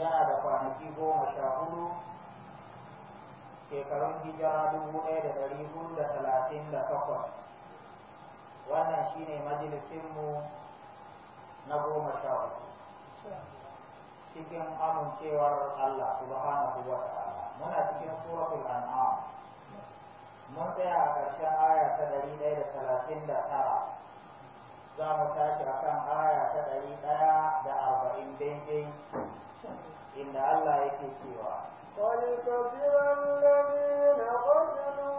yana da kwanaki goma sha hudu shekarun hijira dubu ɗaya da ɗari hudu da talatin da takwas wannan shi ne majalisinmu na goma sha hudu cikin amincewar Allah subhanahu wa ta'ala muna cikin suratul an'am mun tsaya a ƙarshen aya ta ɗari ɗaya da talatin da tara za mu tashi a kan aya ta ɗari ɗaya da arba'in daidai inda Allah yake cewa. Wani tafiyar da ne na kwanilu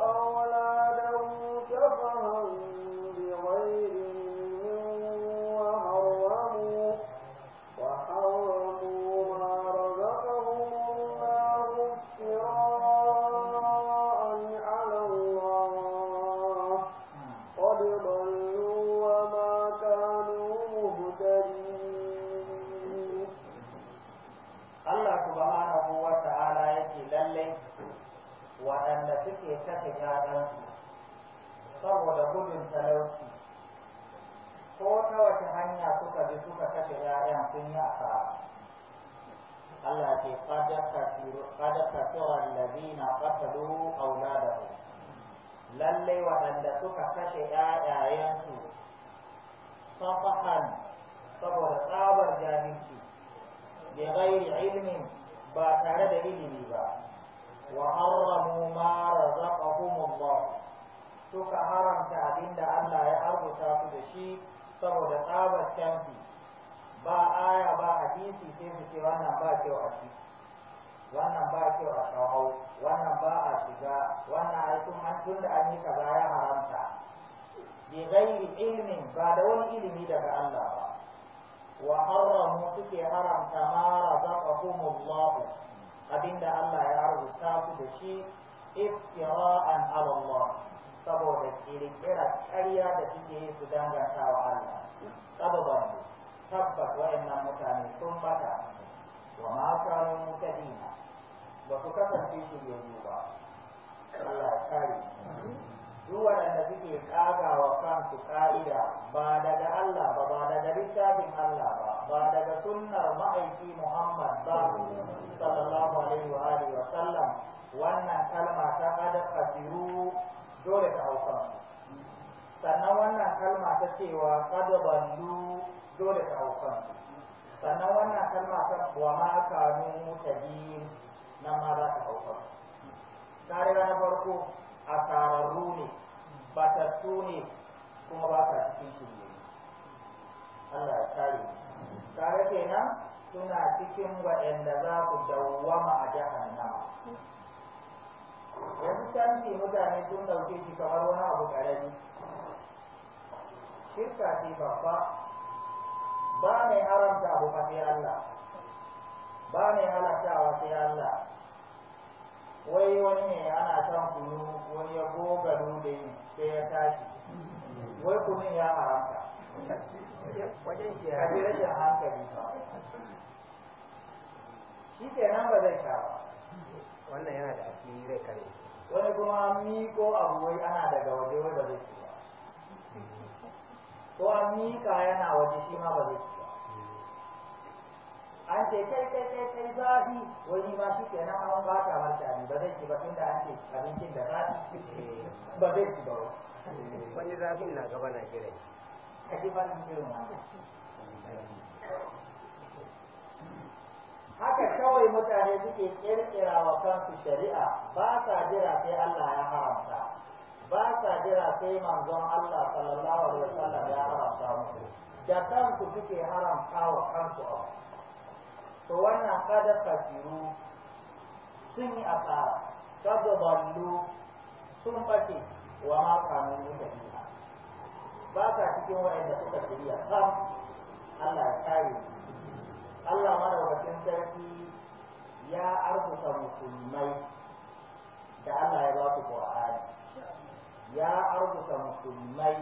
a wala da mu ta ‘ya'yan sun yi Allah ke kada a lazina da auladahu lallai waɗanda suka kashe ‘ya'yayensu safahan saboda tsabar jahilci bi ghairi ilmin ba tare da ilimi ba wa harramu ma ba. suka haramta abinda Allah ya arzuta su da shi saboda tsabar canfi ba aya ba hadisi sai mu ce wannan ba kyau a shi wannan ba kyau a kawo wannan ba a shiga wannan a an tun da an yi kaza ya haramta bi ghairi ilmin ba da wani ilimi daga Allah ba wa haramu suke haramta ma razaqahumullah abinda Allah ya rubuta su da shi iftira'an ala Allah saboda kirkira ƙarya da suke yi su danganta wa Allah sababan tabbas wayannan mutane sun bata wa ma kanu mutadina ba ku kasance shiryayyu ba Allah ya kare duk waɗanda suke ƙaga wa kansu ƙa'ida ba daga Allah ba ba daga littafin Allah ba ba daga sunnar ma'aiki Muhammad ba sallallahu alaihi wa alihi wa sallam wannan kalma ta kada kasiru dole ta hau sannan wannan kalma ta cewa kada bandu dole ta hauka. sannan wannan kalma kan wa ma kanu mutadin na ma za ta hauka. tare na farko a asararru ne batattu ne kuma ba ta cikin ne Allah ya kare tare kenan suna cikin waɗanda za ku dawwama a jahannama yanzu tanti mutane sun dauke shi kamar wani abu ƙarami shirka ce babba ba mai haramta abu ba sai Allah ba mai halattawa sai Allah wai wani ne ana son kunu wani ya goga da yi sai ya tashi wai kunun ya haramta wajen shi ya ji rashin hankali ba shi ke nan ba zai sha wannan yana da asiri rai kare wani kuma miko abu wai ana daga waje wanda zai ci ko an miƙa yana waje shi ma ba zai ci an ce kai kai kai zafi wani ma shi kenan an ba ta marta ne ba zai ci ba tunda an ce abincin da zafi ba zai ba wani zafin na gaba na shirai ka ji ba ni irin haka kawai mutane suke ƙirƙirawa wa kansu shari'a basa sa jira sai Allah ya haramta ba sa jira sai manzon Allah sallallahu alaihi wasallam ya haramta musu da kanku kuke haramta wa kanku to wannan kada kafiru sun yi asara kada ballo sun fake wa ma da mutane ba sa cikin wa'anda suka shirya sam Allah ya kare Allah madaukakin sarki ya arzuta musulmai da Allah ya ba ku Qur'ani ya arzuta musulmai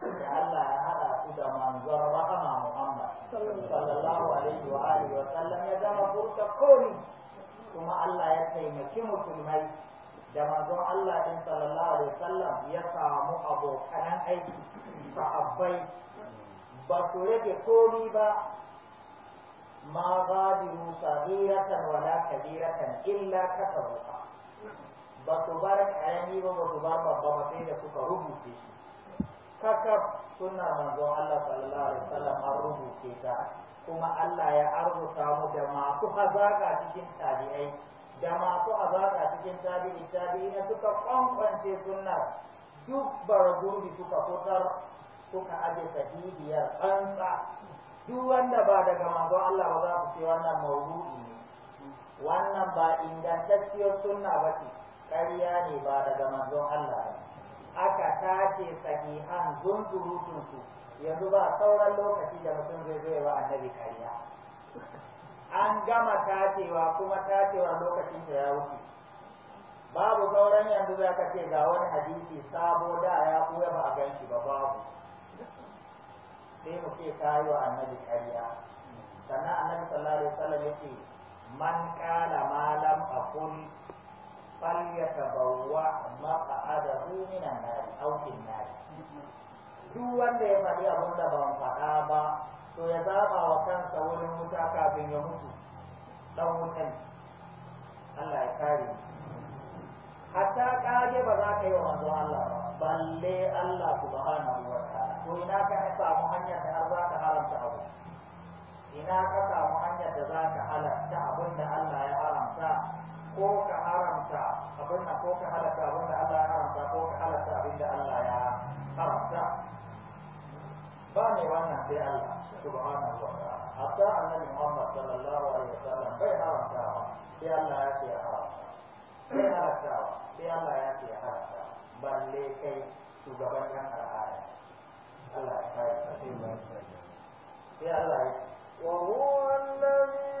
da Allah ya haɗa su da manzon rahama Muhammad sallallahu alaihi wa alihi wa sallam ya gama furta komi kuma Allah ya taimaki musulmai da manzon Allah din sallallahu alaihi wa sallam ya samu abokan aiki sahabbai ba su rage komi ba ma gadiru sabiratan wala kabiratan illa kasabuha ba ku bar ƙarami ba ba ku bar babba ba sai da suka rubuce shi kakaf suna manzon Allah sallallahu alaihi wasallam an rubuce ta kuma Allah ya arzuta mu da masu hazaka cikin tabi'ai da masu hazaka cikin tabi'i tabi'i na suka kwankwance sunnar duk baragurbi suka fitar suka aje sahihiyar tsantsa duk wanda ba daga manzon Allah ba za ku ce wannan mawdu'i ne wannan ba ingantacciyar sunna ba ce ƙarya ne ba daga manzon Allah ba aka tace sahihan zunzurutun su yanzu ba sauran lokaci da mutum zai zai wa annabi kariya an gama tacewa kuma tacewa lokacin da ya wuce babu sauran yanzu za ka ce ga wani hadisi sabo da ya koya ba a gan shi ba babu sai mu ce ka annabi karya. sannan annabi sallallahu alaihi wasallam yake man qala ma lam aqul falyatabawwa maq'adahu minan nar aw fil nar duk wanda ya faɗi abin da ban faɗa ba to ya zaɓa wa kansa wurin wuta kafin ya mutu ɗan wutan Allah ya kare hatta kage ba za ka yi wa manzon Allah ba balle Allah subhanahu wa ta'ala to ina ka samu hanyar da har za ka haramta abu ina ka samu hanyar da za ka halatta abin da Allah ya haramta ko ka haramta abin da ko ka halatta abin da Allah ya haramta ko ka halatta abin da Allah ya haramta ba ne wannan sai Allah subhanahu wa ta'ala hatta annabi Muhammad sallallahu alaihi wasallam bai haramta ba sai Allah ya ce haramta sai halatta sai Allah ya ce haramta balle kai shugaban yan al'ada Allah ya kai ka sai Allah ya وهو الذي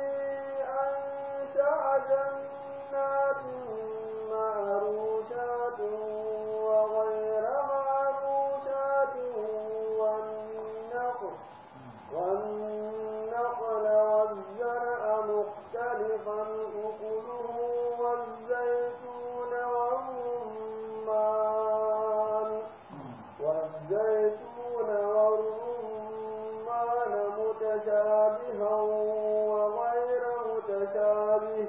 أنشأ جنة جنات معروشات وغير معروشات والنخل والنخل والزرع مختلفا أكله والزيتون والرمان والزيتون والرمان متشابها وغير متشابه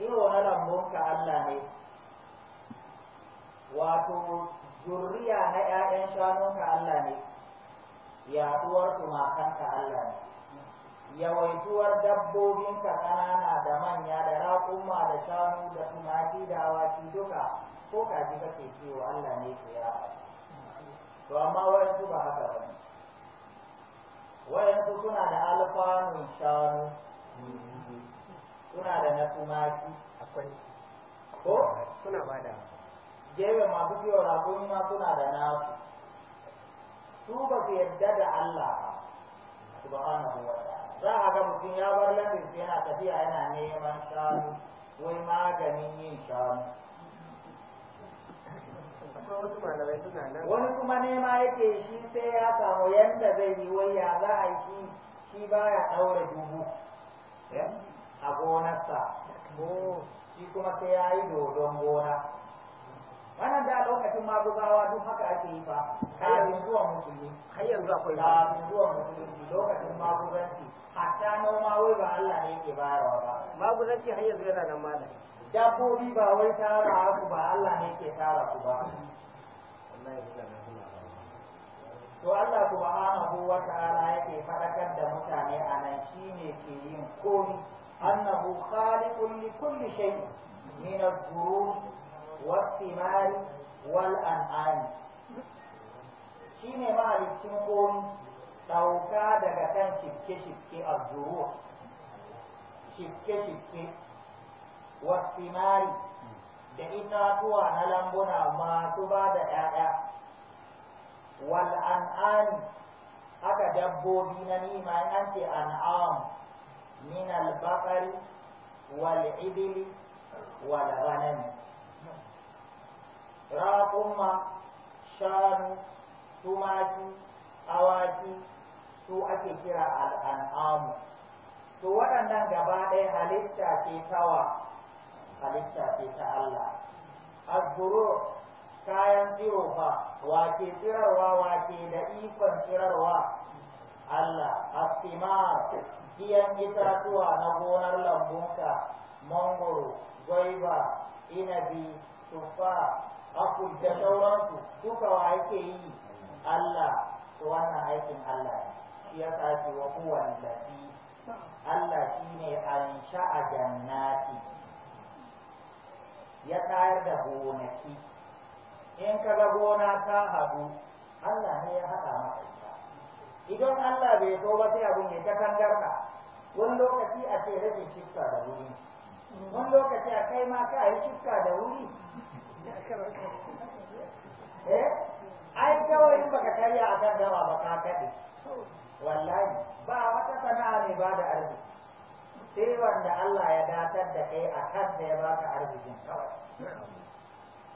irin na ka Allah ne wato zurriya na ‘ya'yan shanunka Allah ne yaduwar tumakanka Allah ne yawaituwar dabbobinka ƙanana da manya da raƙuma da shanu da tumaki da awaki duka ko kaji kake kiwo Allah ne ke yaba to amma wayansu ba haka ba ne wayansu suna da alfanun shanu suna da na tumaki akwai ko suna bada gefe masu kiwo rakumi ma suna da na su Su ba su yadda da Allah subhanahu wa ta'ala za a ga mutum ya bar lafin yana tafiya yana neman shanu wai maganin yin shanu wani kuma nema yake shi sai ya samu yadda zai yi wai ya za a yi shi ba ya ɗaure dubu eh? a gonarsa shi kuma sai ya yi dodon gona wannan da lokacin maguzawa duk haka ake yi fa kafin zuwa musulmi har yanzu akwai kafin zuwa musulmi lokacin maguzanci hatta noma wai ba Allah ne yake bayarwa ba maguzanci har yanzu yana nan dai dabbobi ba wai tara ku ba Allah ne yake tara ku ba to Allah subhanahu wa ta'ala yake fadakar da mutane anan shine ke yin komi أنه خالق لكل شيء من الظروف والثمار والأنعام shine mahalicin komi ɗauka daga kan shifke-shifke a zuruwa shifke-shifke wasimari da itatuwa na lambuna masu ba da ‘ya'ya an'ani. aka dabbobi na nima an ce an'am من البقر والإبل والغنم راقم شان tumaki awaki su ake kira al'an'amu to waɗannan gaba ɗaya halitta ce tawa halitta ce ta Allah azzuro kayan tsiro fa cirarwa, tsirarwa ke da ikon tsirarwa Allah astimar Giyan, itatuwa na gonar lambunka mangoro gwaiba inabi tufa akul da sauransu duka wa ake yi Allah wannan aikin Allah ne shi ya wa kowane lafi Allah shi ne yin sha'a jannati ya tayar da gonaki in kaga gona ta haɗu Allah ne ya haɗa maka idan Allah bai so ba sai abin ya ta kangarka wani lokaci a ce rashin shifka da wuri wani lokaci a kai ma ka yi shifka da wuri eh ai kawai in baka karya a kan dawa ba ka kaɗe wallahi ba wata sana'a ne ba da arziki sai wanda Allah ya datar da kai a kan da ya baka arzikin kawai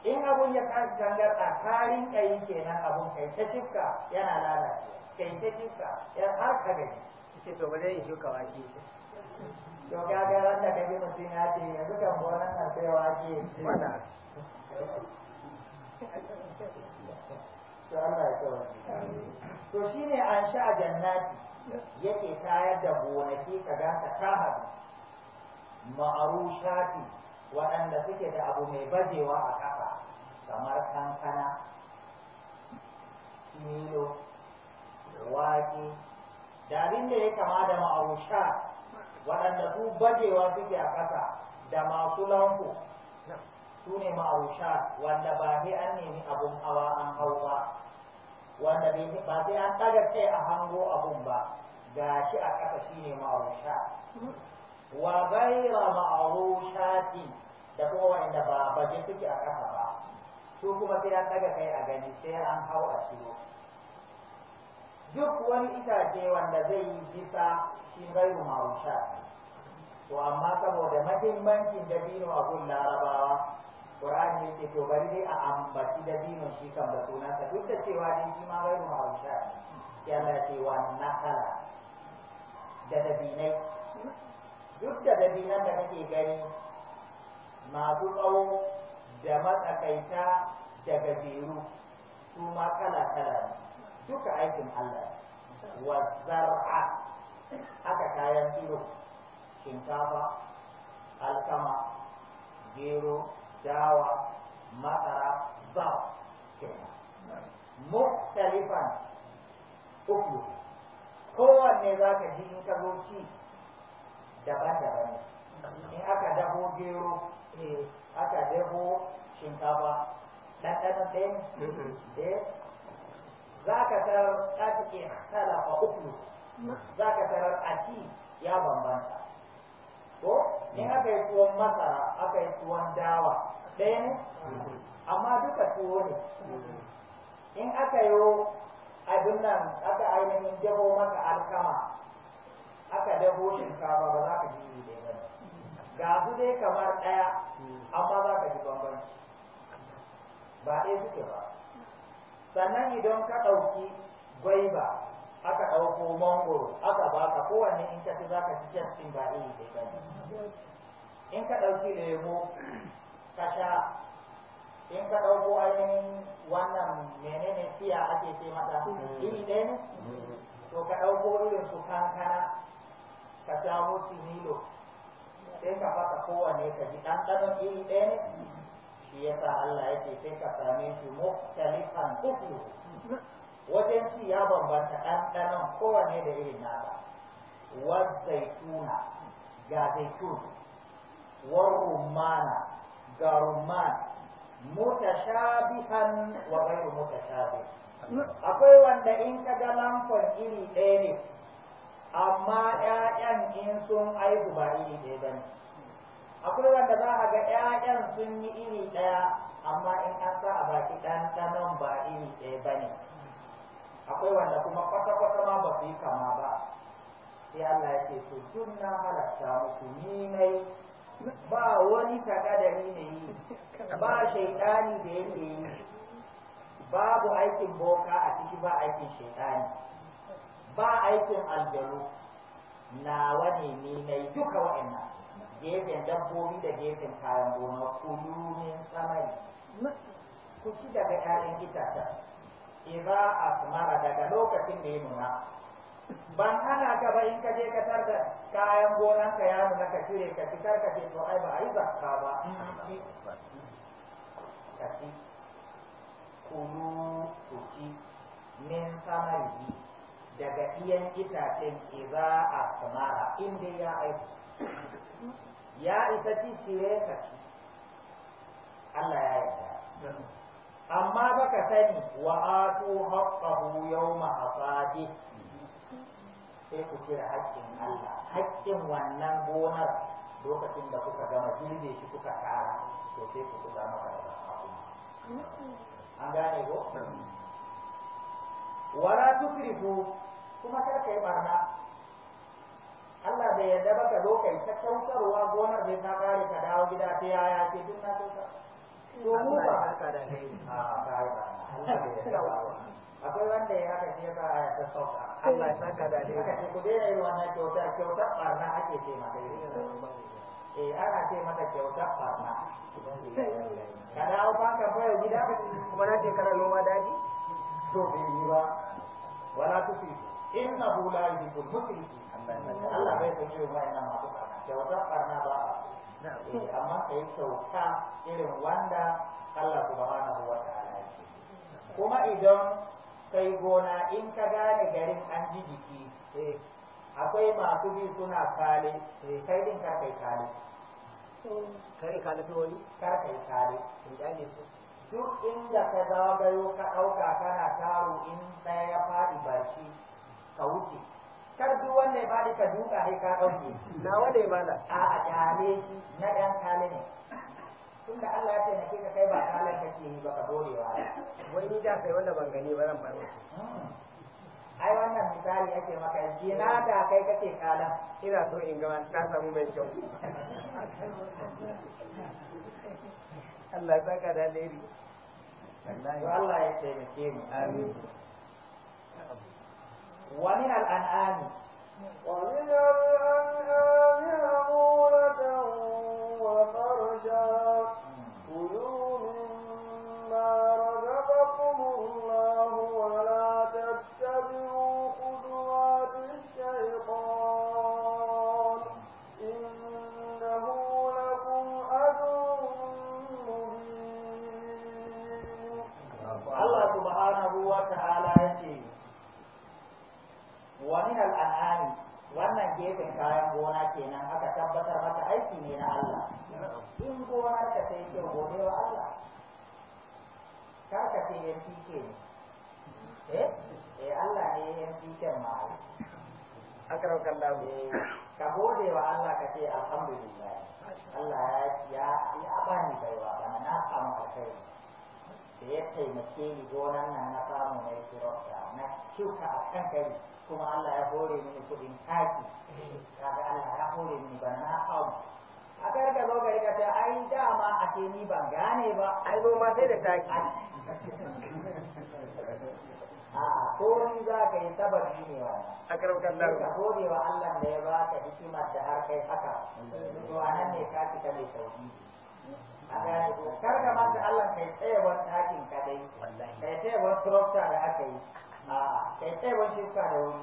in abun ya kan gangarta a rinka yi kenan abun kai ta shifka yana lalace kai ta shifka ya har ka gani ce to ba zai shuka wake to ga ga ran da kai mutum ya ce yanzu kan gonan nan sai wake wala to Allah ya kawo to shine an sha jannati yake tayar da gonaki kaga ta kama ma'arushati waɗanda suke da abu mai bajewa a ƙasa kamar kankana milo wake da abin da ya kama da ma'arusha waɗanda su bajewa suke a ƙasa da masu lanku su ne ma'arusha wanda ba sai an nemi abun hawa an hau ba wanda ba sai an ɗaga kai a hango abun ba gashi a ƙasa shine ma'arusha wa gaira ma'arushatin da kuma wanda ba baje suke a ƙasa ba su kuma sai an daga kai a gani sai an hau a shigo duk wani itace wanda zai yi bisa shi gairu ma'arushatin to amma saboda mahimmancin dabino a gun larabawa Qur'ani yake to bari dai a ambaci da dabino shi kan da sunansa duk da cewa din shi ma gairu ya ce wa nakala da dabinai duk da dabinan da kake gani masu tsawo da matsakaita da gajeru su ma kala kala ne duka aikin Allah wa zar'a haka kayan kiro shinkafa alkama gero dawa matsara zam kenan muktalifan uku kowanne za ka ji in ka zo ci daban-daban ne in aka dabo gero eh, aka dabo shinkafa ɗanɗanon ɗaya ne mm-hmm. eh, za ka tarar ɗafiƙe salafa uku za ka tarar a ci ya bambanta ko in aka yi tuwon masara aka yi tuwon dawa ɗaya ne mm-hmm. amma duka tuwo ne mm-hmm. in aka yi abin nan aka ainihin jabo maka alkama aka dabo shinkafa ba za ka ji ne ɗaya ba ga su dai kamar ɗaya amma za ka ji bambanci ba ɗaya suke ba sannan idan ka ɗauki gwaiba aka ɗauko mangoro aka baka kowanne in ka ci za ka ci can ba ɗaya ɗaya ba in ka ɗauki lemo ka sha in ka ɗauko ainihin wannan menene fiya ake ce mata mm. iri ɗaya ne mm. to ka ɗauko irin su kankana ka samo su milo sai ka fasa kowane ka ji ɗanɗanon iri ɗaya ne shi yasa Allah yake sai ka same shi muktalifan uklu wajen shi ya bambanta ɗanɗanon kowane da irin nasa wa zaituna ga zaitun wa rumana ga rumman mutashabihan wa ghairu mutashabih akwai wanda in ka ga lamfon iri ɗaya ne amma ƴaƴan in sun aihu ba iri ɗaya ne, akwai wanda za a ga ƴaƴan sun yi iri ɗaya amma in an sa a baki ɗanɗanon ba iri ɗaya ba ne, akwai wanda kuma kwata-kwata ma ba su yi kama ba sai Allah ya ce to duk na halatta muku ni ba wani takadari ne yi ba shaidani da yake yi babu aikin boka a ciki ba aikin shaidani ba aikin aljanu nawa ne na mai duka wa'ina gefen dabbobi da gefen kayan gona kulumin samari ku ci daga ƴaƴan itacen a asmara daga lokacin da ya nuna ban hana ka ba in ka je ka tarda kayan gonan ka ya nuna ka cire ka fitar ka ce to ai ba ai zakka ba ka ci kulu ku ci min samari daga iyan itacen iza a samara inda ya aiki ya isa ya yi kaci Allah ya yi yarda amma baka sani wa yau ma a hasadi sai ku kira haƙƙin Allah haƙƙin wannan gonar lokacin da kuka gama girbe shi kuka kara to sai ku kusa maka da an gane ko wala tukrifu kuma kar kai barna Allah bai yarda ba ka zo kai ta kyautarwa gonar bai ta kare ka dawo gida ta yaya ce duk na kyauta to mu ba haka da kai a bai ba Allah bai ba akwai wanda ya haka ce ba ya ta sauka Allah ya saka da Ka ce ku dai yi wannan kyauta kyauta barna ake ce ma kai e eh, ana ce mata kyauta barna ka dawo ba ka bayar gida kuma na ce kana noma daji to yi wala innahu la Allah bai san irin masu barna kyauta barna ba amma kai kyauta irin wanda Allah subhanahu wa ta'ala ya kuma idan kai gona in ka gane garin an ji jiki akwai masu bi suna kale kai din kar kai kale kai kale wani kar kai kale in gane su duk inda ka zagayo ka ɗauka kana taro in ɗaya ya faɗi barci ka wuce kar duk wanda ya faɗi ka duka sai ka ɗauke na wanda ya mala a a kyale shi na ɗan kale ne tunda Allah ya taimake ka kai ba kalan kake yi ba ka dole wa wai ni da kai wanda ban gani ba zan faɗi hmm. ai wannan misali ake maka na da kai kake kalan ina so in ga ta samu mai kyau Allah ya saka da alheri Allah ya taimake mu amin wa min al-an'ami wa min al-an'ami amuratan wa farsha kulu wannan gefen kayan gona kenan aka tabbatar maka aiki ne na Allah in gonar ka sai kyau gobe wa Allah karka ce yan ke ne eh eh Allah ne yan ke ma akram kallahu eh, ka gode wa Allah ka ce alhamdulillah Allah ya ya bani baiwa bana na samu alkhairi ya taimake ni gonan na na samu na yi na shuka a kan gari kuma Allah ya hore mini kudin taki kaga Allah ya hore mini bana na abu a karka zo gari ka ce ai dama a ce ni ban gane ba ai zo ma sai da taki a Kowani za ka yi sabari ne wa a karkar da ka hore wa Allah da ya ba ka hikimar da har kai haka to a nan ne ka fita mai sauki kar ka manta Allah kai tsaye tsayewar hakin kadai kai tsaye tsayewar trokta da aka yi kai tsaye tsayewar shirka da wuri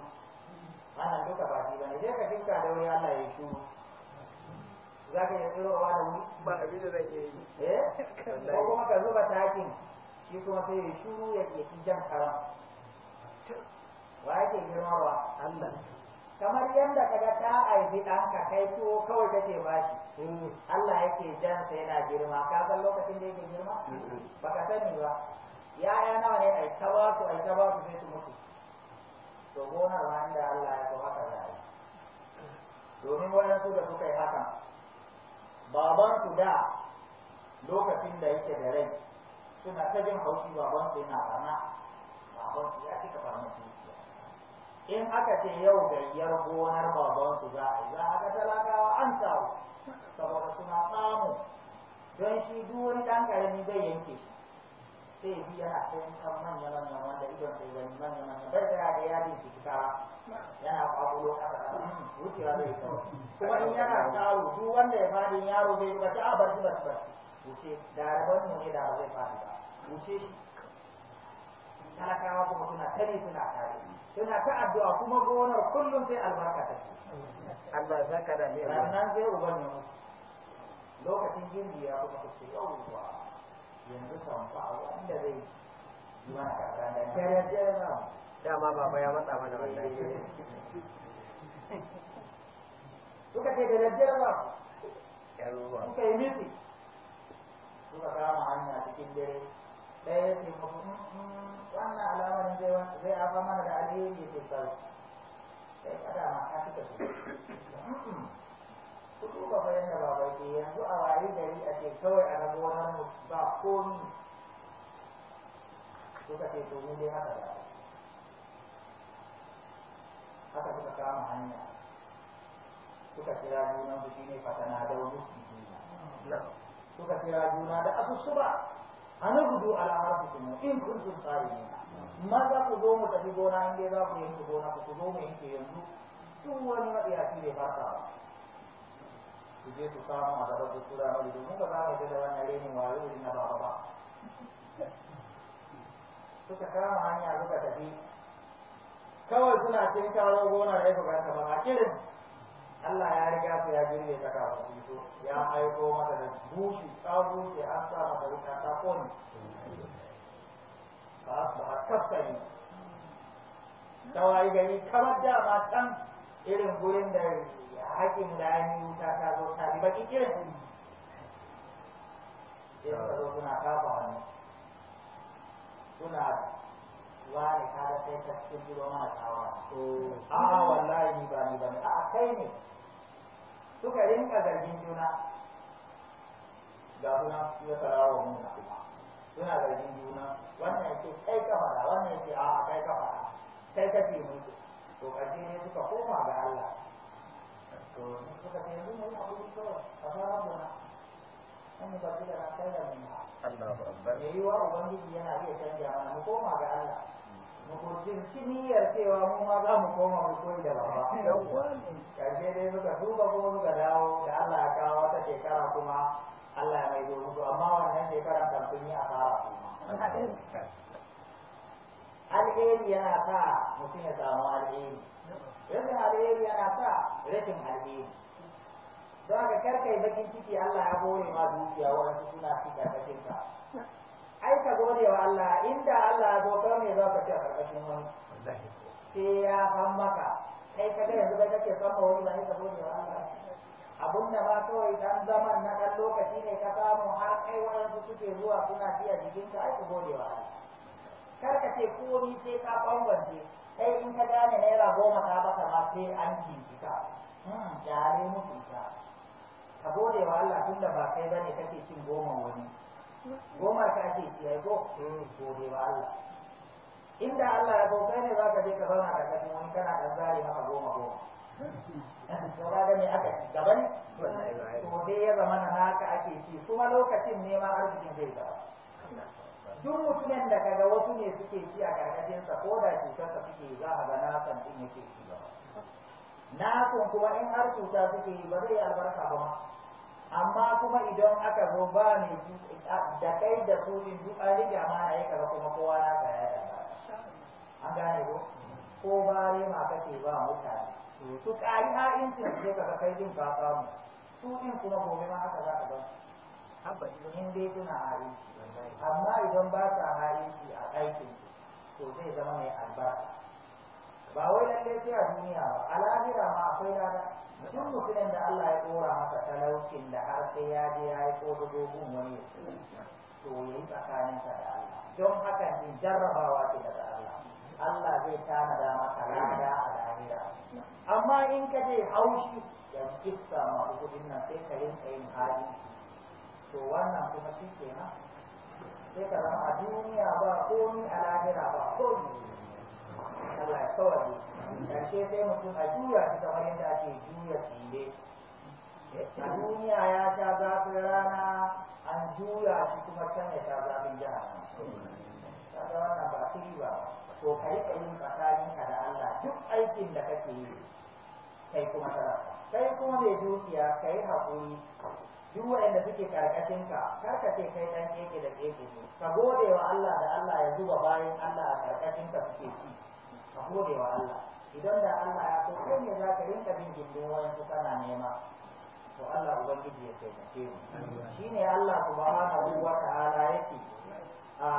wannan duka ba shi bane sai ka shirka da wuri Allah ya shuru za ka iya tsirowa da wuri ba abin da zai iya yi eh ko kuma ka zuba takin shi kuma sai ya shuru ya ke jan karam wa yake girmawa Allah kamar yadda kaga ta haifi ɗanka kai tuwo kawai kake bashi mm. Allah yake jan sa yana girma ka san lokacin da yake girma baka sani ba yaya nawa ne ai ta ba su ai ta ba su sai su mutu to gonar ma inda Allah ya so haka za domin domin waɗansu da suka yi hakan baban su da lokacin da yake da rai suna ta jin haushi baban su yana barna baban su ya cika fara in aka ce yau gayyar gonar su za a yi za a ga talakawa an samu saboda suna samu don shi duk wani ɗan ƙarami zai yanke shi sai bi yana kan manya manya wanda idon sai gani manya manya bai tsaya da yadin shi fita yana kwakulo ƙasa hmm, wucewa zai kawo kuma in yana kawo duk wanda ya fadi yaro zai bata a barci barci barci wuce da rabon ne da ba zai fadi ba wuce shi talakawa kuma suna sani suna tare suna ta addu'a kuma gonar kullum sai albarka ta ce Allah ya saka da ne ranan sai uban ya lokacin gindi ya kuma ce ba yanzu san ba wanda zai yi mana karɓa da kare kare na dama baba ya matsa mana wannan suka ce da lajjar ba suka yi miti suka kama hanya cikin dare ɗaya ya ce wannan alamar zai zai afa mana da alheri ke ce sai sai kada ma ka fita su ku duba fa ba baba ke yanzu a waye gari a ce kawai a rabo wani mu ba komi suka ce to mu dai haka da haka suka kama hanya suka kira juna su shine fatana da wani suka kira juna da asusu ba ranar ala arzikum in kuntum ne. maza ku zo mu tafi gona in dai za ku yanke gona ku zo mu yanke yanzu duk wani ma ya fasa ba ku je ku samu a gaba ku tura mai domin ba za mu da wannan renin wayo na ba ba suka kama hanya suka tafi kawai suna cin kawo gona da ya fi ba a kirin Allah ya riga su ya girbe ta kafin su ya aiko maka da bushi sabu ke an sa mata wuta ta kone ba a kasta yi ta wayi gani kamar da ba can irin gurin da haƙin yi wuta ta zo ta bi baki yi ya ta zo suna kafa wani suna wani kaga sai ka kirkiro mana kawa a wallahi ni ba ni ba ne a kai ne suka rinka zargin juna ga suna ya tarawa mun na kuma suna zargin juna wannan yake kai ka fara wannan yake a kai ka fara kai ka ce musu to kaje ne suka koma ga Allah to suka ce yanzu mu yi abu kawai a fara mu na sun musabbila da kai da biha Allahu akbar me yiwa ubangiji yana iya canja mana mu koma ga Allah mu kurjin ciniyar cewa mu ma za mu koma mu koyi da baba karshe dai suka duba kuma suka dawo da Allah ya kawo wata shekara kuma Allah ya mai zo musu amma wannan shekaran kan sun yi asara kuma alheri yana sa mutum ya samu alheri rashin alheri yana sa rashin alheri don haka kar bakin ciki Allah ya gode ma dukiya wa'ansu suna fi karkashin ka ai ka gode wa Allah inda Allah ya zo kawai ne za ka ci a karkashin wani sai ya san maka kai ka ga yanzu bai kake san ma wani ba ka gode wa Allah abun da ba kawai dan zaman na dan lokaci ne ka samu har kai wa'ansu suke zuwa suna jikin ka ai ka gode wa Allah kar ka ce komi sai ka bambance kai in ka gane naira goma ka baka ma sai an jinkita. Hmm, jare mutunta. ka gode wa Allah tunda ba kai bane kake cin goma wani goma ka ake ci ai go eh, gode wa Allah inda Allah ya bauta ne za ka je ka zauna da ƙarƙashin wani kana ɗan zare maka goma goma to ga me aka ci gaban to dai ya zama na haka ake ci kuma lokacin neman arzikin zai gaba duk mutumin da kaga wasu ne suke ci a sa ko da cutarsa suke za a ga na san din yake ci gaba na kun kuma in har cuta suke yi ba zai yi albarka ba amma kuma idan aka zo ba ne da kai da su in duk an ma na yi kaza kuma kowa na ka ya an gane ko ko ba ma kake ba mutane su ƙari ha'incin su ka kai din ka samu su din kuma gobe ma haka za ka ga in dai suna hari amma idan ba sa ha'inci a aikin to zai zama mai albarka ba wai lalle sai a duniya ba a lahira ma akwai lada duk mutumin da Allah ya dora masa talaucin da har sai ya je ya yi kodogo dogon wani to tsakanin tsakaninsa da Allah don haka ne jarrabawa ce daga Allah Allah zai tanada maka lada a lahira amma in ka je haushi da kissa ma uku nan sai ka rinka yin hali to wannan kuma shi kenan sai ka zama a duniya ba komi a lahira ba komi Allah ya sai mutum a juya shi kamar yadda ake juya a duniya ya sha zafin rana an juya shi kuma can ya zafin ba to da Allah duk aikin da kake yi kai kuma kai kuma mai dukiya kai haƙuri duk waɗanda suke ƙarƙashin ka karka ce kai dan keke da keke ne ka gode wa Allah da Allah ya zuba bayan Allah a ƙarƙashin ka suke ci godewa Allah idan da Allah ya so kai ne za ka rinka bin gindin wayansu kana nema to Allah ubangiji ya taimake mu shine Allah subhanahu wa ta'ala yake a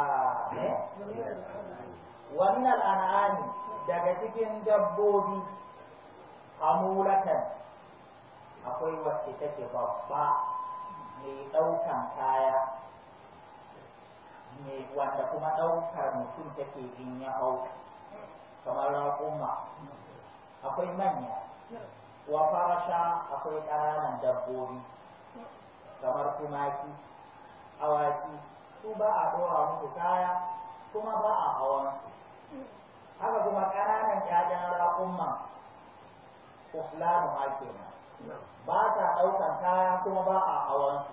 wannan al'ani daga cikin dabbobi amulatan akwai wacce take babba mai ɗaukan kaya mai wanda kuma ɗaukar mutum take in ya hau kamar raƙumma akwai manya wa farasha akwai ƙananan dabbobi kamar tumaki awaki su ba a ɗora musu kaya kuma ba a hawan haka kuma ƙananan 'ya'yan raƙumma kuflanu ma kenan ba sa ɗaukan kaya kuma ba a hawan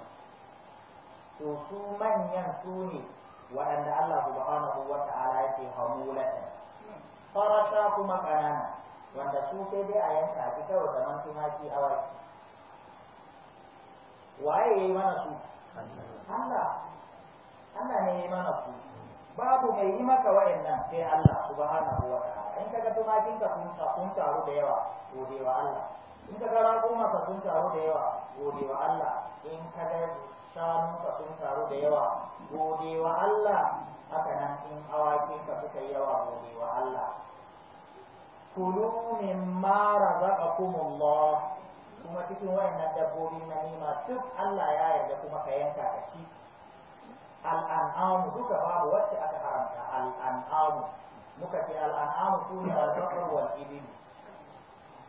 to su manyan su ne waɗanda Allah subhanahu wa ta'ala yake hamulatan farasha kuma ƙanana wanda su sai dai a yanka a kawai kamar tumaki awai waye ya yi mana su Allah Allah ne ya yi mana su babu mai yi maka nan sai Allah subhanahu wa ta'ala in kaga tumakin ka sun taru da yawa gobe wa Allah in ka ga goma ka sun taru da yawa gode wa Allah in ka ga shanu ka sun taru da yawa gode wa Allah haka nan in awaki ka suka yawa gode wa Allah kulu mimma razaqakumullah kuma cikin wayannan dabbobi na nima duk Allah ya yarda kuma ka yanka ka ci al'an'amu duka babu wacce aka haramta al'an'amu muka ce al'an'amu suna al-bakr wal ibil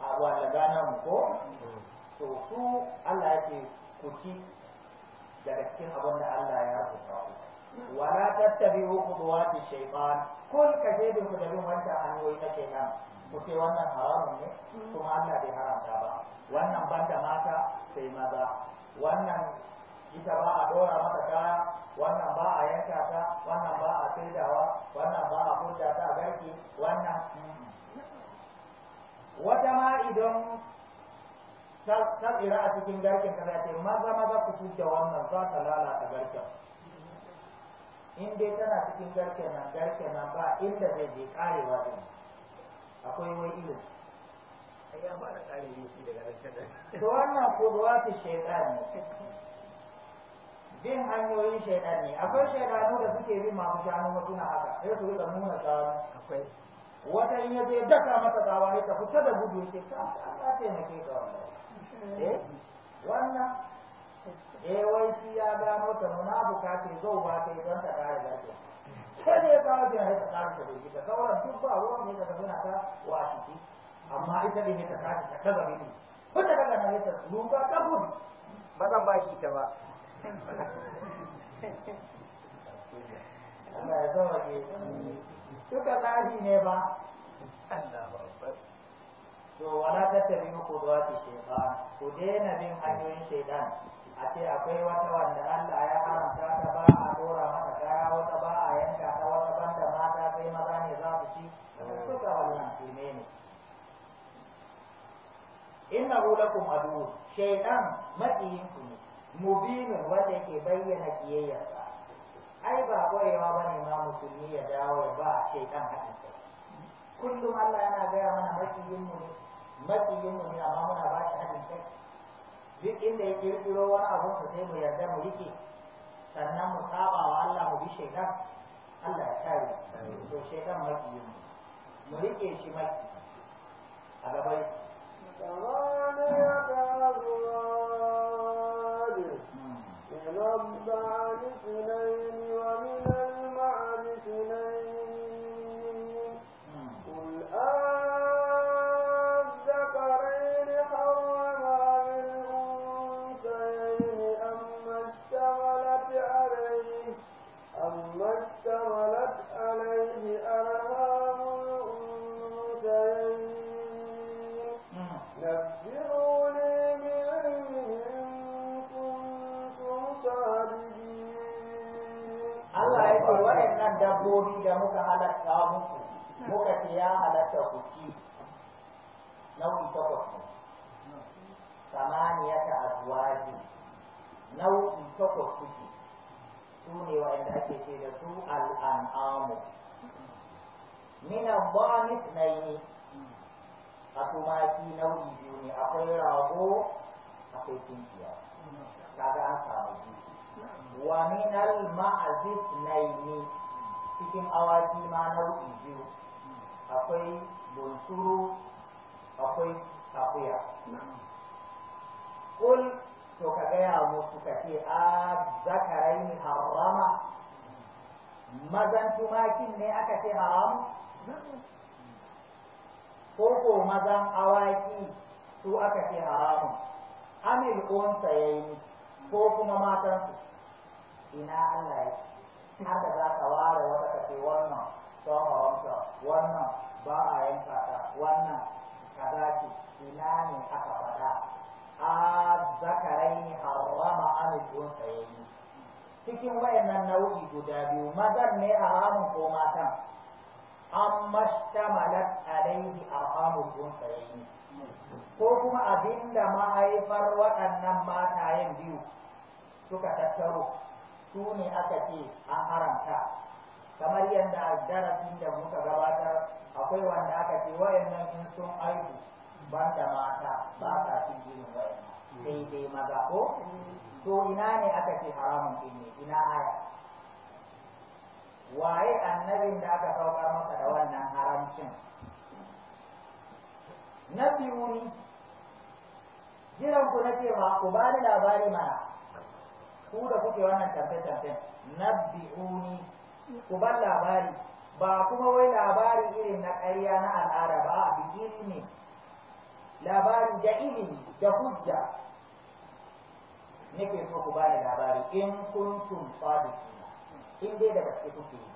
a wanda gana mu ko to su Allah yake kuci ci daga cikin abin da Allah ya rubuta ku wala tattabi'u khutuwati shaytan kun ka je da kudin wanda an yi na kenan ku ce wannan haram ne kuma Allah bai haramta ba wannan banda mata sai maza wannan ita ba a dora mata kaya wannan ba a yanka ta wannan ba a saidawa wannan ba a hujja ta garki wannan hmm. wata ma idan ta a cikin garken ka za maza maza ku ci da wannan za ta lalata garken in dai tana cikin garken nan garken nan ba inda zai je karewa din akwai wai ido ya fara kare yuki daga garken to wannan ko ruwa ta shaitan ne bin hanyoyin shaitan ne akwai shaitanu da suke bin mafi shanu mutuna haka sai su rika nuna tsawon akwai wata in ya je daka mata tsawa ya tafi ta da gudu yake ta ta taimake ka wannan eh wannan Ya eh, wai shi ya gano ta nuna ce zo ba ta don ta kare lafiya sai ne ba ta yi ta kare ta bai ta sauran duk ba ruwa ne daga suna ta wa ciki amma ita ne ta kare ta kaza ne ko ta na ne ta ruka ba zan ba shi ta ba Allah ya zama ke suka tsafi ne ba to wala ta tabi muku zuwa ki shaitan ku daina bin hanyoyin shaidan. a ce akwai wata wanda Allah ya haramta ta ba a dora mata kaya wata ba a yanka ta wata banda mata sai maza ne za su ci suka wannan shirme ne inna hula adu shaitan shaidan ku ne mubinin wanda ke bayyana kiyayyarsa ai ba ƙwarewa ba ne ma musulmi ya dawo ya ba shaitan haɗin sai kullum Allah yana gaya mana mu ne mu ne amma muna ba shi haɗin sai duk inda ya ƙirƙiro wani abun mu sai mu yarda mu rike sannan mu saba wa Allah mu bi shaitan Allah ya kare to shaitan makiyinmu mu Mu rike shi maki a gaban shi. من الضعن اثنين ومن المعد اثنين قل dabbobi da muka halatta muku muka ce ya halatta ku ci nau'i takwas ne ta azwaji nau'i takwas kuke su ne wa'anda ake ce da su al'an'amu min al-dhani ne a tumaki nau'i biyu ne akwai rago akwai kinkiya kaga an samu biyu wa min al-ma'az ithnaini cikin awaki ma nau'i biyu akwai bunsuru akwai akuya kul to ka gaya musu ka ce a zakarai ne harama mazan tumakin ne aka ce haram ko ko mazan awaki su aka ce haramu? amil unsa yayi ko kuma matansu ina Allah ya haka za ka ware wata ka wannan don haramta wannan ba a yanka ta wannan kaza ina ne aka faɗa a zakarai ne harama ya tsayayi cikin wayannan nau'i guda biyu mazan ne haramun ko matan amma shtamalat alaihi ya yi. ko kuma abinda mahaifar waɗannan matayen biyu suka tattaro su ne aka ce an haramta kamar yadda darasin da muka gabatar akwai wanda aka ce wayannan in sun ban da mata ba sa cin jinin wayannan sai dai maza ko to ina ne aka ce haramun din ne ina aya waye annabin da aka saukar masa da wannan haramcin na biyu ne jiran ku na ce ma ku bani labari mana ku da kuke wannan tafe na nabbi'uni ku ban labari ba kuma wai labari irin na ƙarya na al'ada ba a bi ilimi labari da ilimi da hujja nake so ku bani labari in kuntum sadiqina in dai da gaske kuke yi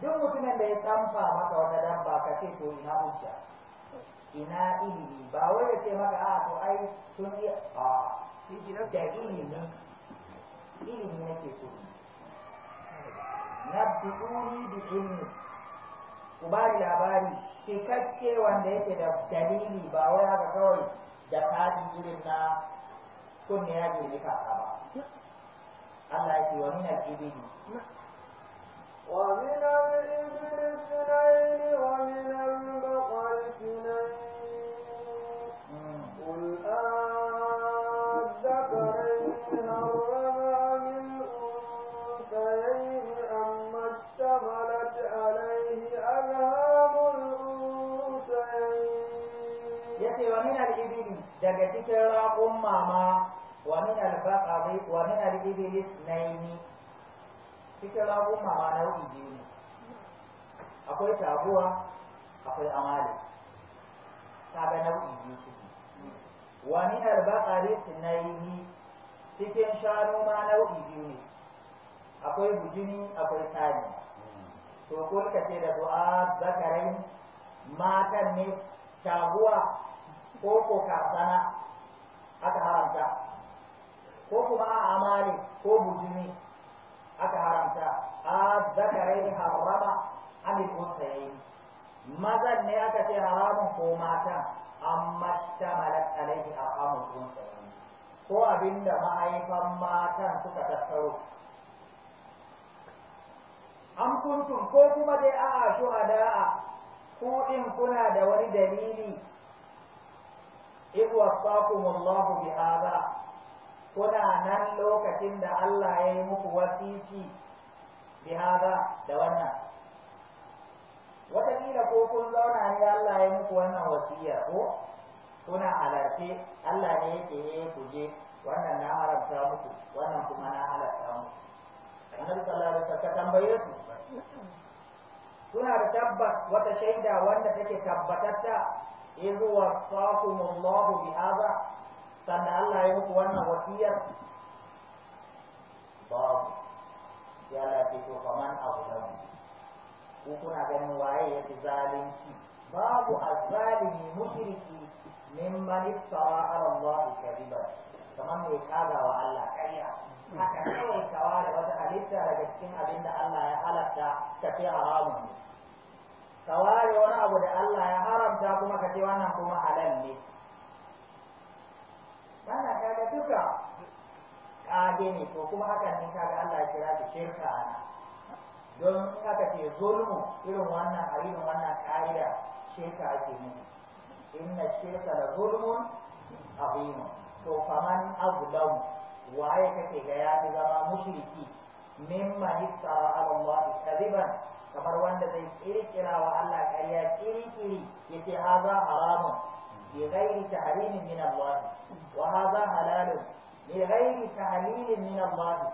duk mutumin da ya tsamfa maka wata dabba ka ce to ina hujja ina ilimi ba wai ya ce maka a to ai sun yi a da ilimi ilimi nake so nabbi'uni bi ilmi ku bani labari cikakke wanda yake da dalili ba wai haka kawai da fadi irin na kunne ya je nika ba Allah ya ce wa min al-ibli wa min al-ibli sunayn wa min al-baqari sunayn hmm. qul daga cikin raƙon mama wa min al-baqari wa min al ibili naini cikin raƙon mama nau'i biyu ne akwai taguwa akwai amali kaga nau'i biyu suke wa min al-baqari naini cikin shanu ma nau'i biyu ne akwai bujini akwai sani to ko kace ce da du'a zakarai matan ne taguwa ko ko kasana aka haramta ko kuma a amali ko bujini aka haramta a zakarai harama an yi mazan ne aka ce haramun ko matan amma malakalai a arhamul unsayin ko abinda mahaifan matan suka tattaro an kuntum ko kuma dai a da'a. ku in kuna da wani dalili in wasaqum Allahu bi hadha kuna nan lokacin da Allah ya yi muku wasici bi hadha da wannan wataƙila ko kun zauna ne Allah ya yi muku wannan wasiya ko kuna alarce Allah ne yake yi ku je wannan na haramta muku wannan kuma na halarta muku annabi sallallahu alaihi wasallam tambaye su kuna da tabbas wata shaida wanda take tabbatatta idh wasaqakum Allah bi hadha sanda Allah ya muku wannan wasiyar babu ya lafi to faman abu da ku kuna ganin waye ya fi zalunci babu azzalimi mushriki min man iftara ala Allah kadiba kamar mai kaga wa Allah ƙarya haka kawai kawa da wata halitta daga cikin abin da Allah ya halatta tafi haramun ne ka wani abu da Allah ya haramta kuma ka ce wannan kuma halal ne ka da duka kage ne to kuma hakan ne ga Allah ya kira shi shirka ana don in aka ce zulmu irin wannan a irin wannan ka'ida shirka ake nufi inna shirka da zulmun abinu. to faman azlamu waye kake ga ya fi zama mushriki mimma yaftara ala Allah kamar wanda zai kirkira wa Allah ƙarya kirkiri yace haza haramun bi ghairi tahrimin min Allah wa haza halalun bi ghairi tahlilin min Allah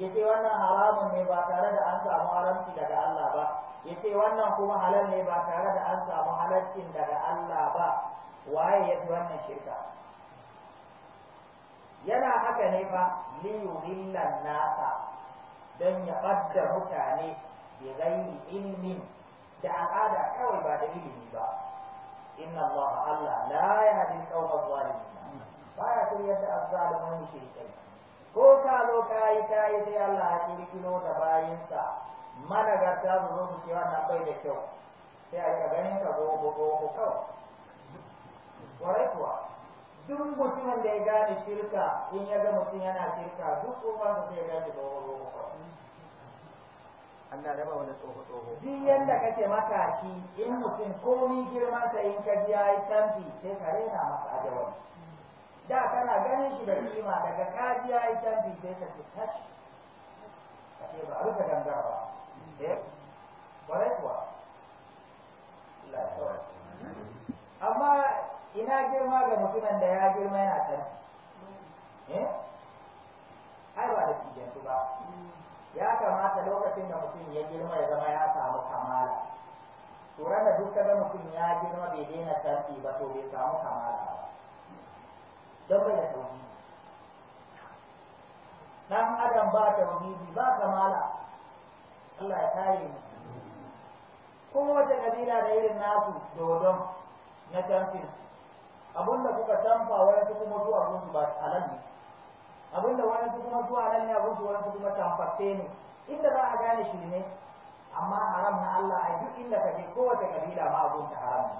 yace wannan haramun ne ba tare da an samu haramci daga Allah ba yace wannan kuma halar ne ba tare da an samu daga Allah ba waye yace wannan shirka yana haka ne fa liyuhillan nasa don ya ɓadda mutane bi ghairi ilmin da al'ada kawai ba da ilimi ba inna Allah Allah la yahdi qawmal zalimin ba ya kuryar da azzalimin kai ko ka zo ka yi ka yi sai Allah ya kino da bayansa managarta su zo su ce wannan bai da kyau sai a ga ganin ka go go go kawai kwarai kuwa duk mutumin da ya gane shirka in ya ga mutum yana shirka duk tsohon da ya gane tsohon rohoto Allah raba wani tsoho tsoho duk yanda kake matashi in mutum komi girman sa in ka ji yayi canfi sai ka rena masa ajawar da kana ganin shi da kima daga ka ji yayi canfi sai ka ci tashi a ce ba rufe ganga ba eh rai kuwa Allah ya amma ina girma ga mutumin da ya girma yana sarki eh ai ba da su ba ya kamata lokacin da mutum ya girma ya zama ya samu kamala turan da duk kaga mutum ya girma bai daina tarbi ba to bai samu kamala ba don bai da tauhidi dan adam ba tauhidi ba kamala Allah ya kare mu kuma wata kabila da irin nasu dodon na tamfin abinda da kuka canfa wani su kuma zuwa abinci ba nan ne abinda wani su kuma zuwa nan ne abinci wani su kuma canfafe ne inda za a gane shi ne amma haram na Allah a duk inda ka je kowace kabila ma abinci ta haram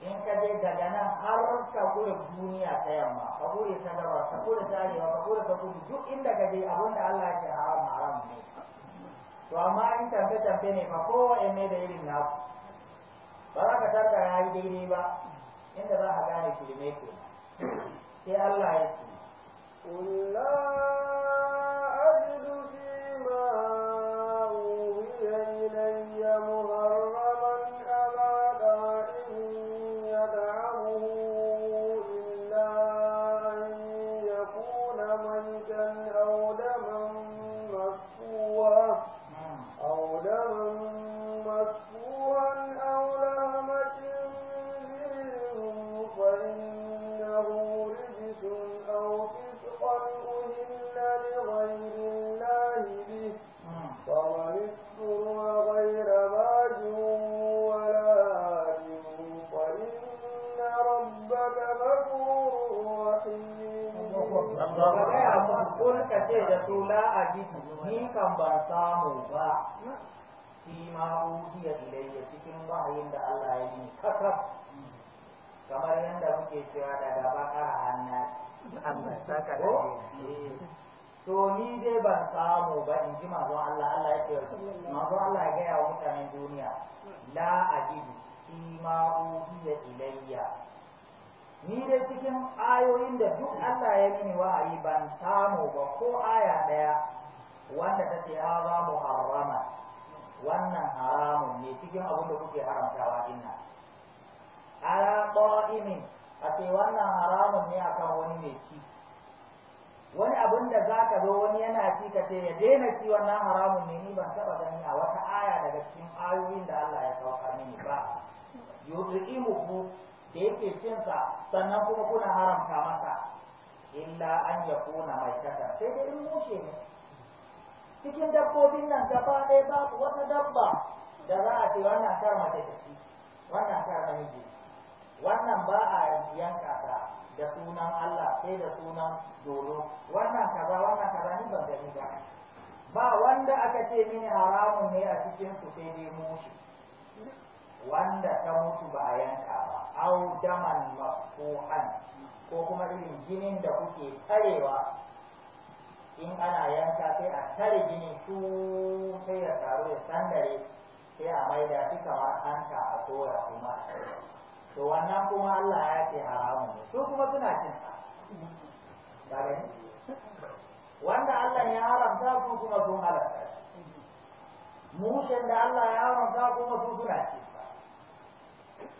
ne in ka je daga nan har ka kure duniya ta yamma ka kure ta gaba ka kure ta arewa ka kure ta kudu duk inda ka je abinda Allah ya ce haram haram ne to amma in tambe tambe ne fa kowa ya mai da irin nasu ba za ka tarka ya yi daidai ba inda za a gane shirme ke sai Allah ya ce saka da to ni dai ban samu ba in ji mazo Allah Allah ya Allah ya gaya wa mutanen duniya la ajidu fi uhiya ilayya ni dai cikin ayoyin da duk Allah ya mini wa'ayi ban samu ba ko aya daya wanda ta ce haza muharrama wannan haramun ne cikin abin da kuke haramtawa inna nan ala qa'imin a ce wannan haramun ne akan wani mai ci wani abin da za ka zo wani yana ci ka ce ya daina ci wannan haramun ne ni ban taɓa gani a wata aya daga cikin ayoyin da Allah ya saukar mini ba yud'imuhu da yake cin sa sannan kuma kuna haramta masa illa an yakuna maitatan sai dai in mushe ne cikin dabbobin nan gaba ɗaya babu wata dabba da za a ce wannan kar mace ta ci wannan kar namiji wannan ba a riyan da sunan Allah sai da sunan dolo. wannan kaza wannan kaza ni ban gani ba ba wanda aka ce mini haramun ne a cikin su sai dai mushi wanda ta mutu ba yanka ba au daman mafuhan ko kuma irin jinin da kuke tarewa in ana yanka sai a tare jinin su sai ya taro ya sandare sai a maida shi kamar hanta a tsora kuma to wannan kuma Allah ya ce haramun ne su kuma suna cin sa wanda Allah ya haramta su kuma sun halatta shi mushen da Allah ya haramta kuma su suna cin sa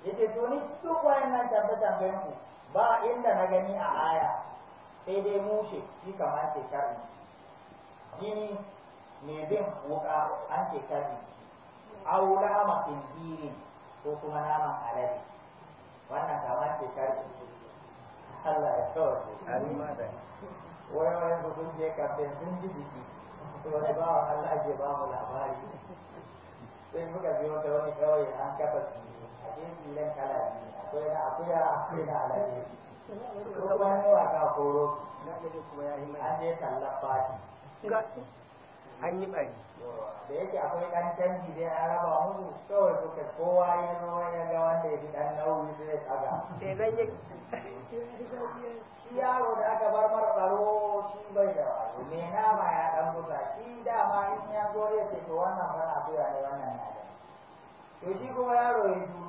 yake to ni nan wayannan tabbatar ku ba inda na gani a aya sai dai mushe shi kamar ce sharri jini mai bin wuka an ce sharri aula ma ko kuma naman alade wannan kama ce shari Allah ya kawace shari mata wani wani hukun je kafin sun ji jiki wani bawa Allah ke ba mu labari sai muka biyo ta wani kawai an kafa a cikin filin kala ne akwai na akuya akwai na alaye ko bayan wa ka koro an je tallafa an yi bari da yake akwai ɗan canji dai an raba musu kawai suka kowa ya zo ya ga wanda ya fi ɗan nauyi sai ya tsaga sai zan yi shi yaro da aka bar mara tsaro shi bai da wato me nama ya ɗan kusa shi dama in ya zo ya ce to wannan na akuya ne wannan na da to shi kuma yaro ya ju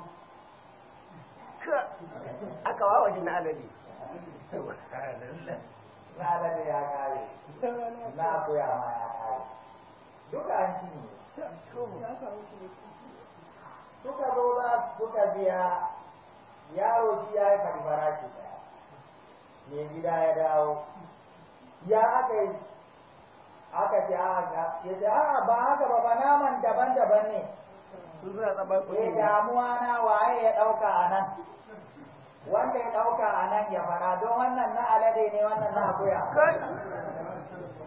aka wawa shi na alade na ya kare na koya ma ya kare duka an ci ne suka zo za suka biya yaro shi ya yi farfara ce daya mai gida ya dawo ya aka yi aka ce a ya ce a ba haka ba ba naman daban-daban ne Ya damuwa na waye ya ɗauka a nan wanda ya ɗauka a nan ya fara don wannan na alade ne wannan na akuya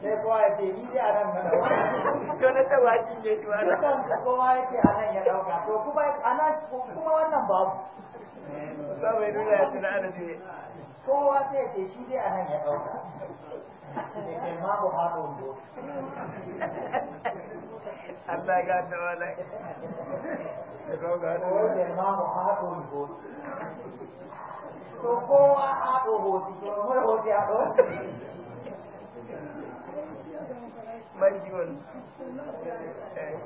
sai kowa ya ce ni a nan na to na ne kowa ce a nan ya dauka to kuma kuma wannan babu nuna ya tuna ce kowa sai ya ce shi dai a nan ya dauka kai ma bu Allah ya wala da ma bu to kowa man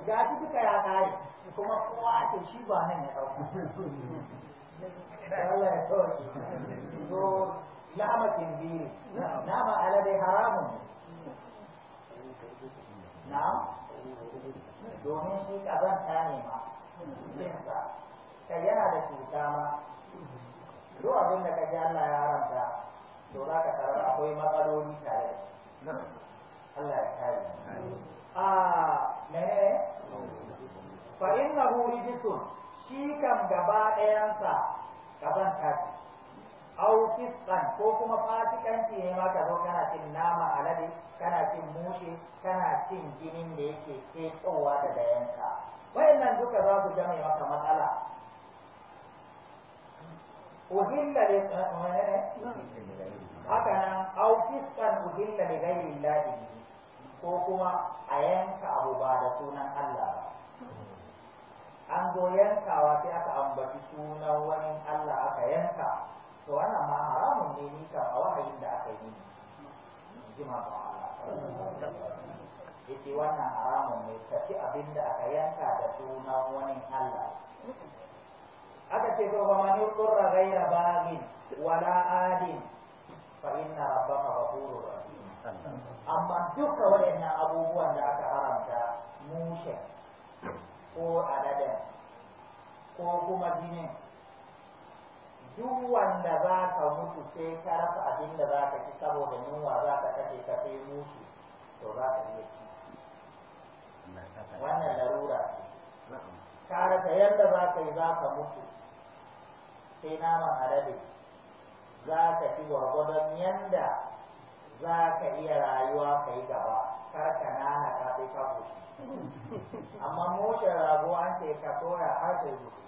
ga su duka ya kare kuma kowa ake shi ba nan ya ɗauka Allah ya ke la'ama kinziri nama alade haramun na domin shi ƙazanta ne ma kai yana da cuta ma Do abin da ka ji Allah ya haramta to za ka tarar akwai matsaloli tare Allah ya kare a ah, menene fa shi kan gaba ɗayansa gaban kaci au fiskan ko kuma fasikanci ne ma ka zo kana cin nama alade kana cin mushe kana cin jinin da yake ketowa da dayanka wayannan duka za su jame maka matsala uhilla li eh, haka nan au fiskan uhilla li ghairi ne. ko kuma a yanka abu ba da sunan Allah ba an zo yankawa sai aka ambaci sunan wani Allah aka yanka to wannan ma haramun ne ni a wahayin da aka yi jima ba Yake wannan haramun ne ka ci abin da aka yanka da sunan wani Allah aka ce to ba mani gaira ghaira baghin wala adin fa inna rabbaka ghafurur rahim amma duka waɗannan abubuwan da aka haramta mushe ko aladen ko kuma jinin duk wanda za ka mutu sai ka rasa abin da za ka ci saboda yunwa za ka kashe ka sai mutu to za ka iya ci wannan larura ce ka rasa yadda za ka yi za ka mutu sai naman alade za ka ci gwargwadon yadda za ka iya rayuwa ka yi gaba kar ka nana ka ka amma motar rago an ce ka soya har da gudu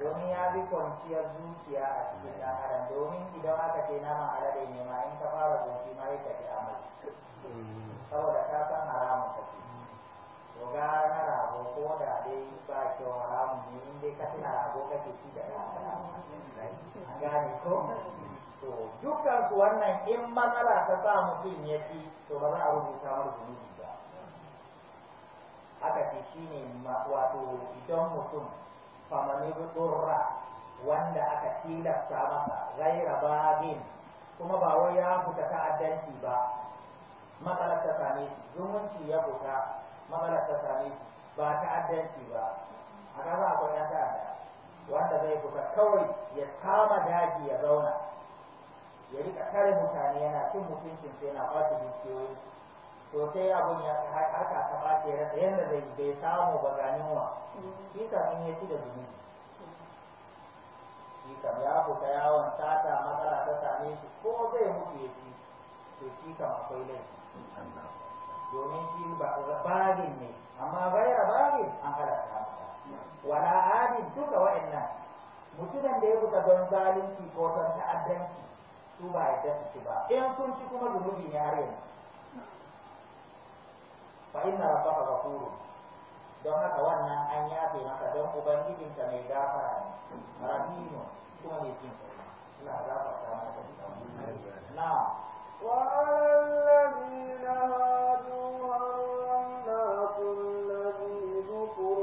domin ya bi kwanciyar zuciya a cikin ɗan adam domin idan aka ce naman alade ne ma in ka fara gunki ma yi tafi amal saboda ka san haramun ka ce to ga na rago ko da dai ba kyau haramun ne in dai ka tuna rago kake ci da rago an gane ko to dukkan su wannan in matsala ta sa mutum ya fi to ba za a rubuta mar zunubi ba haka ce shi ne wato idan mutum famani durra wanda aka tilasta masa gaira bagin kuma ba wai ya fita ta'addanci ba matsalar ta same shi zumunci ya fita matsalar ta same shi ba ta'addanci ba a kaza akwai ya ta'adda wanda zai fita kawai ya kama daji ya zauna ya rika kare mutane yana cin mutuncin sai na ɓata dukiyoyi to sai abun ya haka ta ɓace rasa yadda zai bai samu ba ganin wa shi kamin ya ci da zunubi shi kam ya fita yawon sata matsala ta same shi ko zai mutu ya ci to shi kam akwai laifi domin shi bagin ne amma gaira bagin an halatta wala adin duka wa'annan mutumin da ya fita don zalunci ko don ta'addanci su ba yadda su ci ba in sun ci kuma zunubi ne har yanzu fa inna rabbaka ghafur don haka wannan an yafe maka don ubangijin ka mai gafara ne rahimu kuma mai jin kai ina gafarta maka na والذين هادوا حرمنا كل ذي ذكر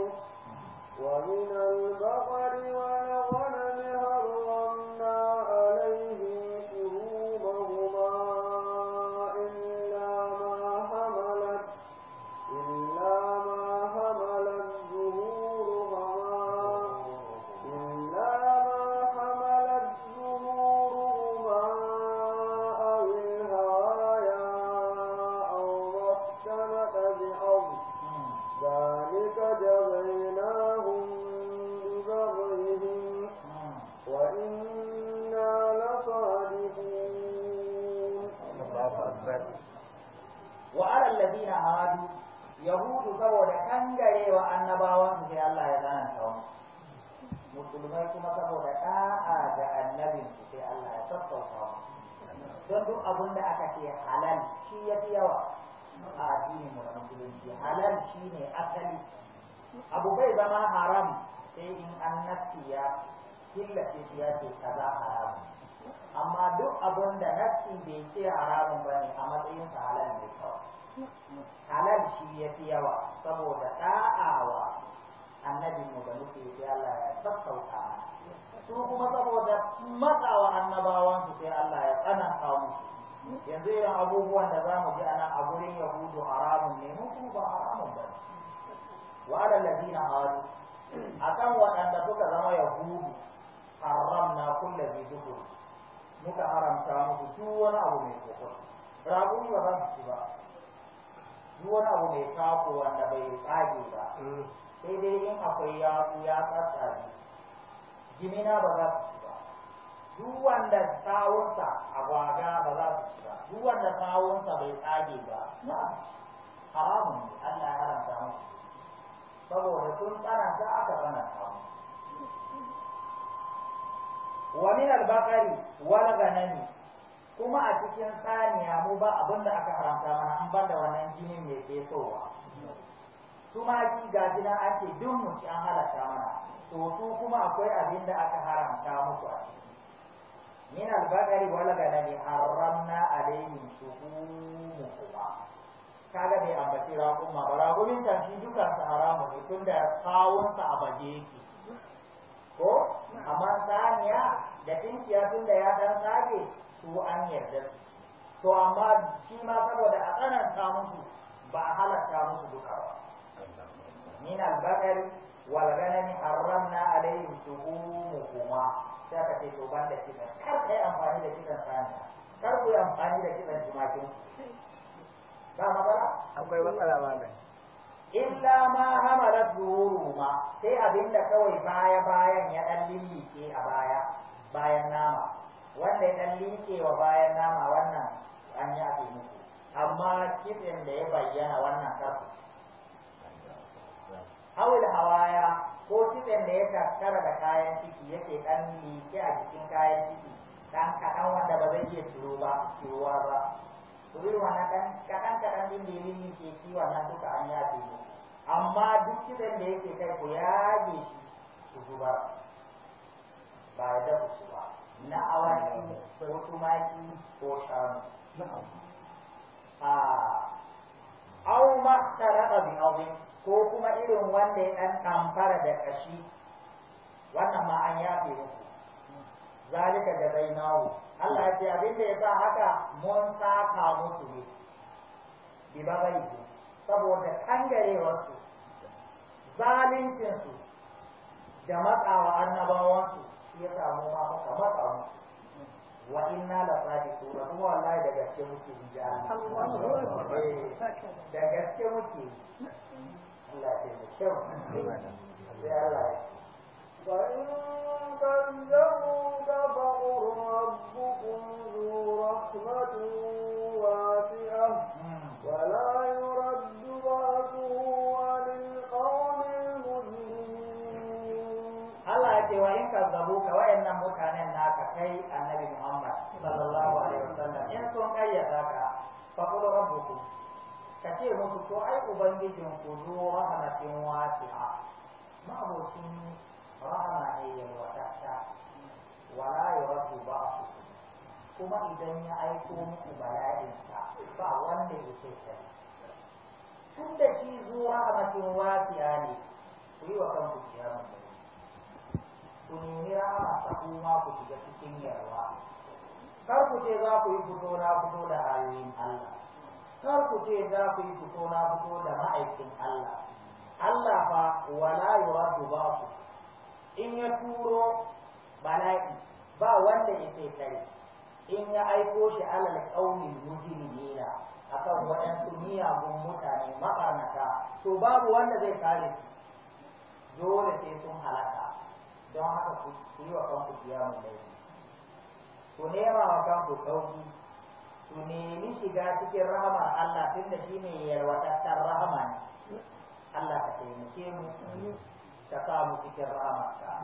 ومن البقر وال don duk abin da aka ce halal shi ya fi yawa a addinin mu na musulunci halal shi ne asali abu bai zama haram sai in an nafi ya killace shi ya ce kaza haram amma duk abin da nafsi bai ce haramun ba ne a matsayin sa halal ne kawai halal shi ya fi yawa saboda da'awa annabi mu da muke sai Allah ya sassauta su kuma saboda matsawa annabawan su sai Allah ya tsananta musu yanzu irin abubuwan da za mu ji ana a gurin yahudu haramun ne mu ba haramun ba wa alladina hadu akan waɗanda suka zama yahudu haramna kullu bi dukhul muka haramta musu duk wani abu mai kokon ragun ba za su ci ba duk wani abu mai sako wanda bai tsage ba mm. sai dai in akwai yaku ya tsatsa jimina ba za su ci ba duk wanda tsawonsa a gwaga ba za su ci ba duk wanda tsawonsa bai tsage ba na haramun ne Allah ya haramta musu saboda sun ta aka tsananta musu wa min al-baqari wal kuma a cikin saniya mu ba abinda aka haramta mana an ban da wannan jinin mai fesowa tumaki ga gina ake duk mu ci an halatta mana to su kuma akwai abin da aka haramta musu a ciki min al-baqari wal ghanami haramna alaihim shuhumuhuma kaga bai ambaci raƙuma ba raƙumin ta shi duka su haramu ne tun da kawunsa a baje yake ko amma saniya da tinkiya tun da ya dan sage su an yarda to amma shi ma saboda a tsananta musu ba a halarta musu duka ba min al-bakari wal ghanami harramna alaihim suhumuhuma sai ka ce to da kitan kar ka yi amfani da kitan saniya kar ku amfani da kitan jimakin ba matsala akwai matsala ba ne illa ma hamalat zuhuruhuma sai abinda kawai baya bayan ya dan lillike a baya bayan nama wanda ya dan like wa bayan nama wannan an yi muku amma kitsen da ya bayyana wannan karku hawil hawaya ko kitsen da ya tattara da kayan ciki yake dan liƙe a cikin kayan ciki dan kaɗan wanda ba zai iya ciro ba cirowa ba to irin wannan dan kaɗan kaɗan din da ya liƙe shi wannan duka an yafe ne amma duk kitsen da yake kai ku yage shi ku zuba ba ya da ku ba na awaki ko tumaki ko shanu a kuma talaba bi azim ko kuma irin wanda ya dan kamfara da kashi wannan ma an yafe muku zalika da Zainabu, Allah ya ce abin da yasa haka mun saka musu ne bi saboda kangarewar su zalincin su da matsawa annabawan ya samu ma muka matsa wa inna la sadiquna kuma wallahi da gaske muke in ji Allah eh, da gaske muke Allah ya taimake mu sai Allah ya وإن كذبوك فقل ربكم ذو رحمة واسعة ولا يرد ce wa in kazzabu ka wayannan mutanen naka kai annabi Muhammad sallallahu alaihi wasallam in sun kayyata ka fa qul rabbuku ka ce musu to ai ubangijin ku zo rahmatin wasi'a ma ma'abocin rahama ne ya yalwatatta wala yuraddu ba'su kuma idan ya aiko muku bala'in bala'insa ba wanda ya ce tun da shi zuwa rahmatin wasi'a ne ku yi wa kanku kiyamun ku nemi rama ta kuma ku shiga cikin yarwa kar ku ce za ku yi fito na fito da ayoyin Allah kar ku ce za ku yi fito na fito da ma'aikin Allah Allah fa wala yuraddu ku. in ya turo bala'i ba wanda ya sai kare in ya aiko shi alal qaumin mujrimina akan waɗansu miyagun mutane mabarnata to babu wanda zai kare su dole sai sun halaka don haka ku yi wa kanku kiyamun laifi ku nema wa kanku sauki ku nemi shiga cikin rahamar Allah tunda shi ne yalwatattar rahama ne Allah ka taimake mu ka sa cikin rahama ka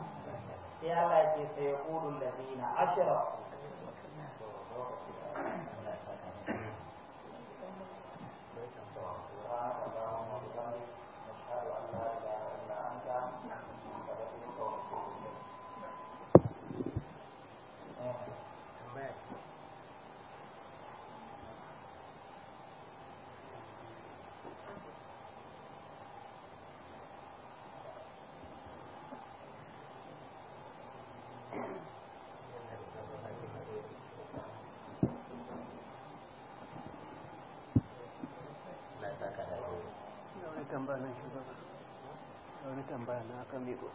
sai Allah ya ce sai qulul ladina ashraku ni tu.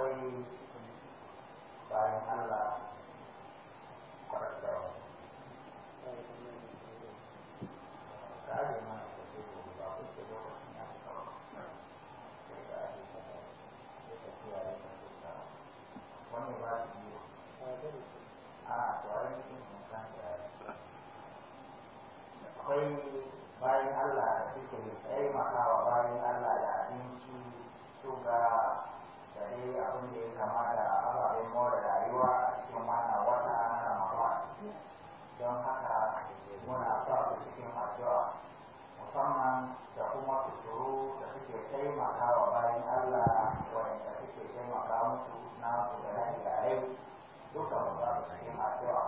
Thank you. muna sa su cikin addu'a musamman da kuma fitoro da suke taimaka wa bayan Allah wanda suke taimaka musu na su da na iyalai duka mu sa su cikin addu'a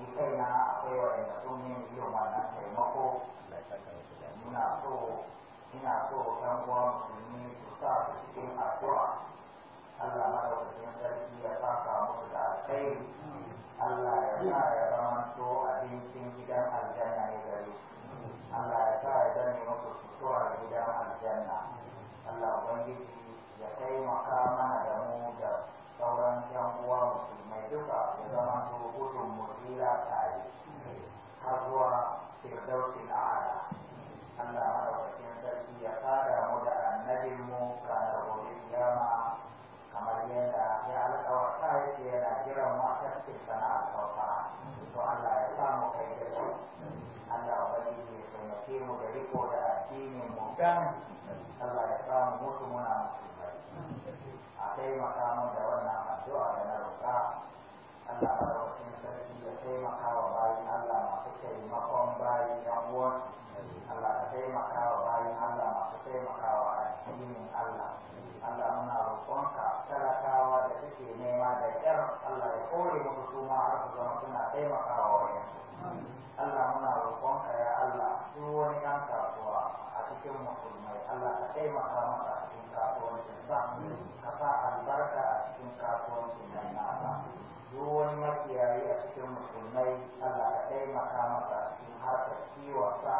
ni kaina akwai wanda sun yi yin wannan taimako muna so ina so ɗan uwan musulmi su sa su cikin addu'a Allah madaukakin sarki ya saka musu da Allah ya sa ya zamanto abincin gidan aljanna ya gari Allah ya sa ya zame musu suturar gidan aljanna Allah ubangiji ya kai makama da mu da sauran yan uwa musulmai duka ya zamanto gudun musira tare har zuwa firdausin ala Allah madaukakin sarki ya fara mu da annabinmu kana gobe kamar yadda ya alƙawarta yake yana jiran mataskin sana'ar kauta to Allah ya samu kai da shi Allah ubangiji ya taimake mu da riko da addinin mu dan Allah ya mutu muna musulmai a da wannan addu'a da na roƙa Allah madaukakin sarki ya taimaka wa bayin Allah masu taimakon bayin yan uwansu Allah ka taimaka bayin Allah masu taimaka wa addinin Allah Allah muna roƙonka talakawa da suke nema da ƴar Allah ya kore musu su ma har suna taimakawa wa yansu Allah muna roƙonka ya Allah su wani ɗan kasuwa a cikin musulmai Allah ka taimaka maka a cikin kasuwancin sa ka sa albarka a cikin kasuwancin nan na Allah duk makiyayi a cikin musulmai Allah ka taimaka masa a cikin harkar kiwonsa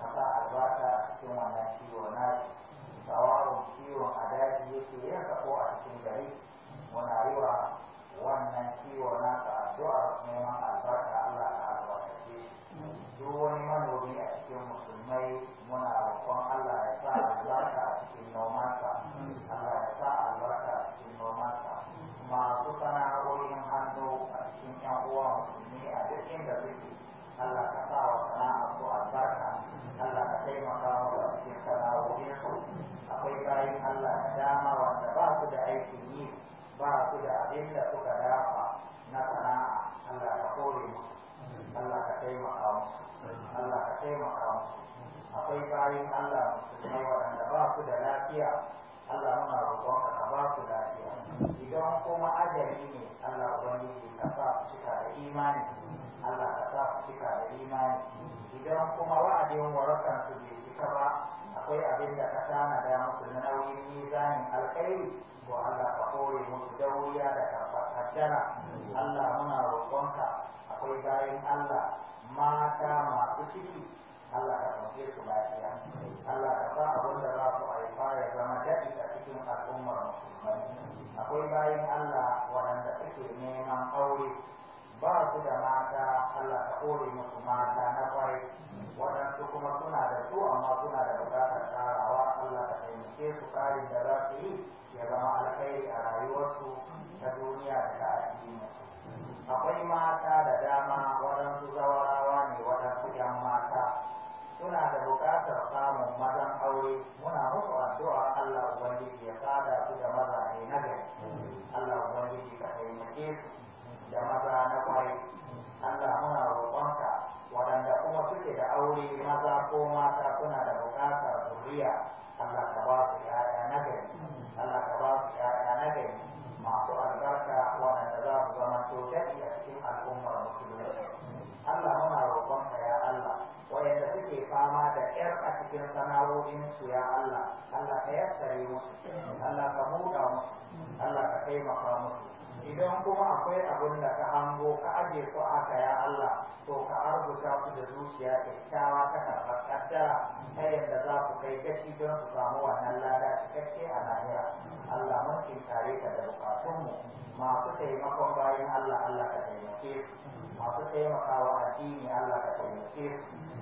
ka sa albarka a cikin wannan kiwo nashi tsawarin kiwon a daji yake yanka ko a cikin gari muna yi wa wannan kiwo ka addu'ar neman albarka Allah ka Allah ka taimaka akwai bayan Allah musulmai waɗanda ba su da lafiya idan kuma ajali ne Allah ubangiji ka sa su cika da imani Allah ka sa su cika da imani idan kuma wa'adin warakan su bai cika ba akwai abin da ka tanada musu na nauyin mizanin alkhairi ko Allah ka kore musu dauriya da karfar kaddara Allah muna roƙonka akwai bayan Allah mata masu ciki Allah ka ɗauke su lafiya Allah ka sa abin da za su haifa ya zama daɗi a cikin al'ummar musulmai akwai bayan Allah waɗanda suke neman aure ba su da mata Allah ka kore musu mata na kwarai waɗansu kuma suna da su amma suna da buƙatar tarawa. Allah ka taimake su ƙarin da za su yi ya zama alkhairi a rayuwarsu ta duniya da ta addini su akwai mata da dama waɗansu zawarawa ne waɗansu ‘yan mata suna da buƙatar samun mazan aure muna musu addu'a Allah Ubangiji ya sada su da ne na gari Allah Ubangiji ka taimake su da maza na kwarai Allah muna roƙonka waɗanda kuma suke da aure maza ko mata suna da buƙatar zuriya Allah ka ba su ƴaƴa na gari Allah ka ba su ƴaƴa na gari masu albarka waɗanda za su zama to daɗi a cikin al'ummar musulmi Allah muna roƙonka ya Allah waɗanda suke fama da ƴar a cikin sana'o'in su ya Allah Allah ka yassare musu Allah ka buɗa musu Allah ka taimaka musu idan kuma akwai abin da ka hango ka aje ko aka ya Allah to ka arzuta ku da zuciya kyakkyawa ta karɓar kaddara ta yadda za ku kai gashi don su samu wannan lada cikakke a lahira Allah mun kintare ka da bukatunmu masu taimakon bayan Allah Allah ka taimake masu taimakawa addini Allah ka taimake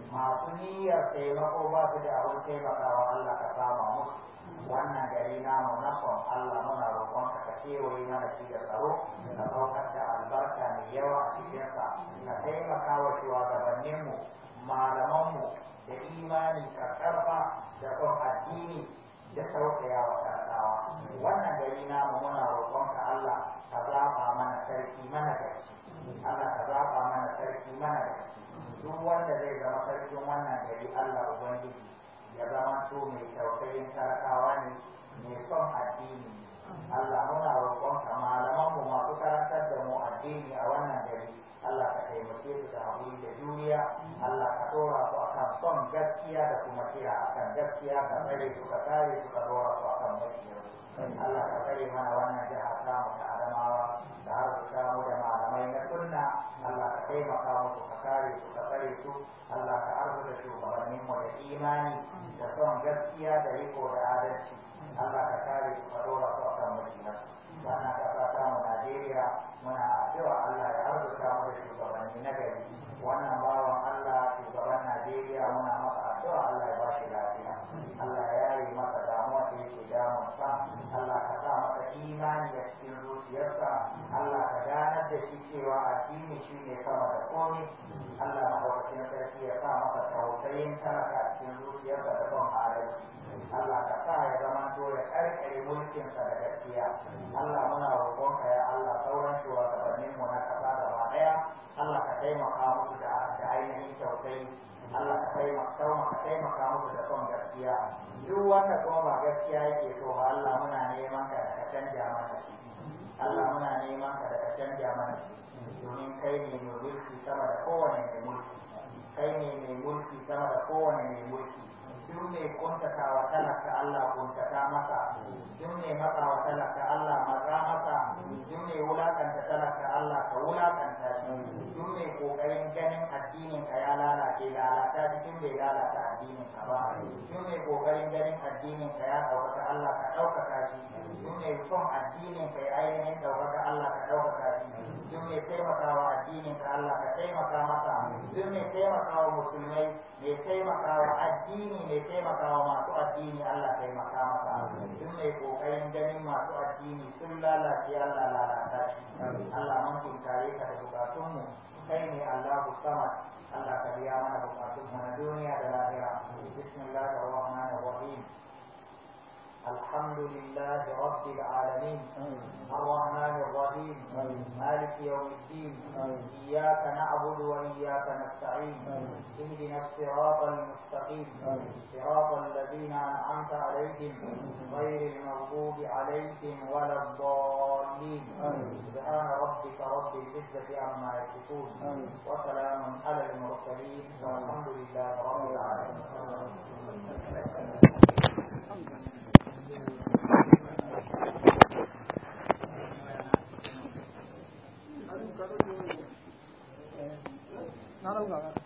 masu niyyar taimako ba su da abin taimakawa Allah ka sama musu wannan gari namu na Allah muna roƙon ka ka kewaye mana shi da tsaro ka saukar da albarka mai yawa a cikinsa ka taimaka wa shugabanninmu malamanmu da imani karkarfa da kwan addini da sauƙaya wa talakawa wannan gari namu muna roƙonka Allah ka zaɓa mana sarki mana gaci Allah ka zaɓa mana sarki mana gaci duk wanda zai zama sarkin wannan gari Allah ubangiji ya zama to mai tausayin talakawa ne mai son addini Allah muna roƙonka malaman mu masu karantar da mu addini a wannan gari Allah ka taimake su da haƙuri da juriya Allah ka dora su akan son gaskiya da kuma kira akan gaskiya ka tsare su ka kare su ka dora su akan Allah ka tsare mana wannan jiha ta mu Adamawa da har su da malamai na sunna Allah ka taimaka musu ka kare su ka tsare Allah ka arzuta shugabannin mu da imani da son gaskiya da riko da adalci Allah ka kare su ka dora su akan majinan wannan ƙasa ta mu Najeriya muna addu'a Allah ya arzuta mu da shugabanni na gari wannan bawan Allah shugaban Najeriya muna masa addu'a Allah ya ba shi lafiya Allah ya yi masa da ke damunsa Allah ka sa masa imani da cikin Allah ka ganar da shi cewa addini shi ne da komi Allah ka wakilin ya sa masa tausayin talaka zuciyarsa da son adalci Allah ka sa ya zama to ya mulkinsa da gaskiya Allah muna roƙonka ya Allah sauran shugabannin mu na kasa ɗaya Allah ka taimaka musu da ainihin tausayi Allah ka taimaka ka taimaka musu da son gaskiya duk wanda kuma ba gaskiya yake so ba Allah muna neman ka da ka canja mana shi Allah muna neman ka da ka canja mana shi domin kai ne mai mulki sama da kowane mai mulki kai ne mai mulki sama da kowane mai mulki duk mai kuntata wa talaka Allah kuntata masa duk mai matsa wa talaka Allah matsa masa duk mai wulakanta talaka Allah ka wulakanta shi duk mai kokarin ganin addinin ka ya lalace lalata cikin bai lalata addinin ka ba duk mai kokarin ganin addinin ka ya ɗaukaka Allah ka ɗaukaka shi duk mai son addinin ka ya ainihin ɗaukaka Allah ka ɗaukaka shi duk mai taimaka wa addinin ka Allah ka taimaka masa duk mai taimaka wa musulmai me taimaka wa addini ne mai taimakawa masu addini Allah taimaka maka, duk mai kokarin ganin masu addini sun lalace Allah lalata shi Allah mun tare ka da mu kai ne Allah sama Allah ka biya mana bukatun mu na duniya da lahira bismillahir rahmanir rahim الحمد لله رب العالمين الرحمن الرحيم مالك يوم الدين إياك نعبد وإياك نستعين اهدنا الصراط المستقيم صراط الذين أنعمت عليهم غير المغضوب عليهم ولا الضالين سبحان ربك رب العزة عما يصفون وسلام على المرسلين والحمد لله رب العالمين 나라고 가가.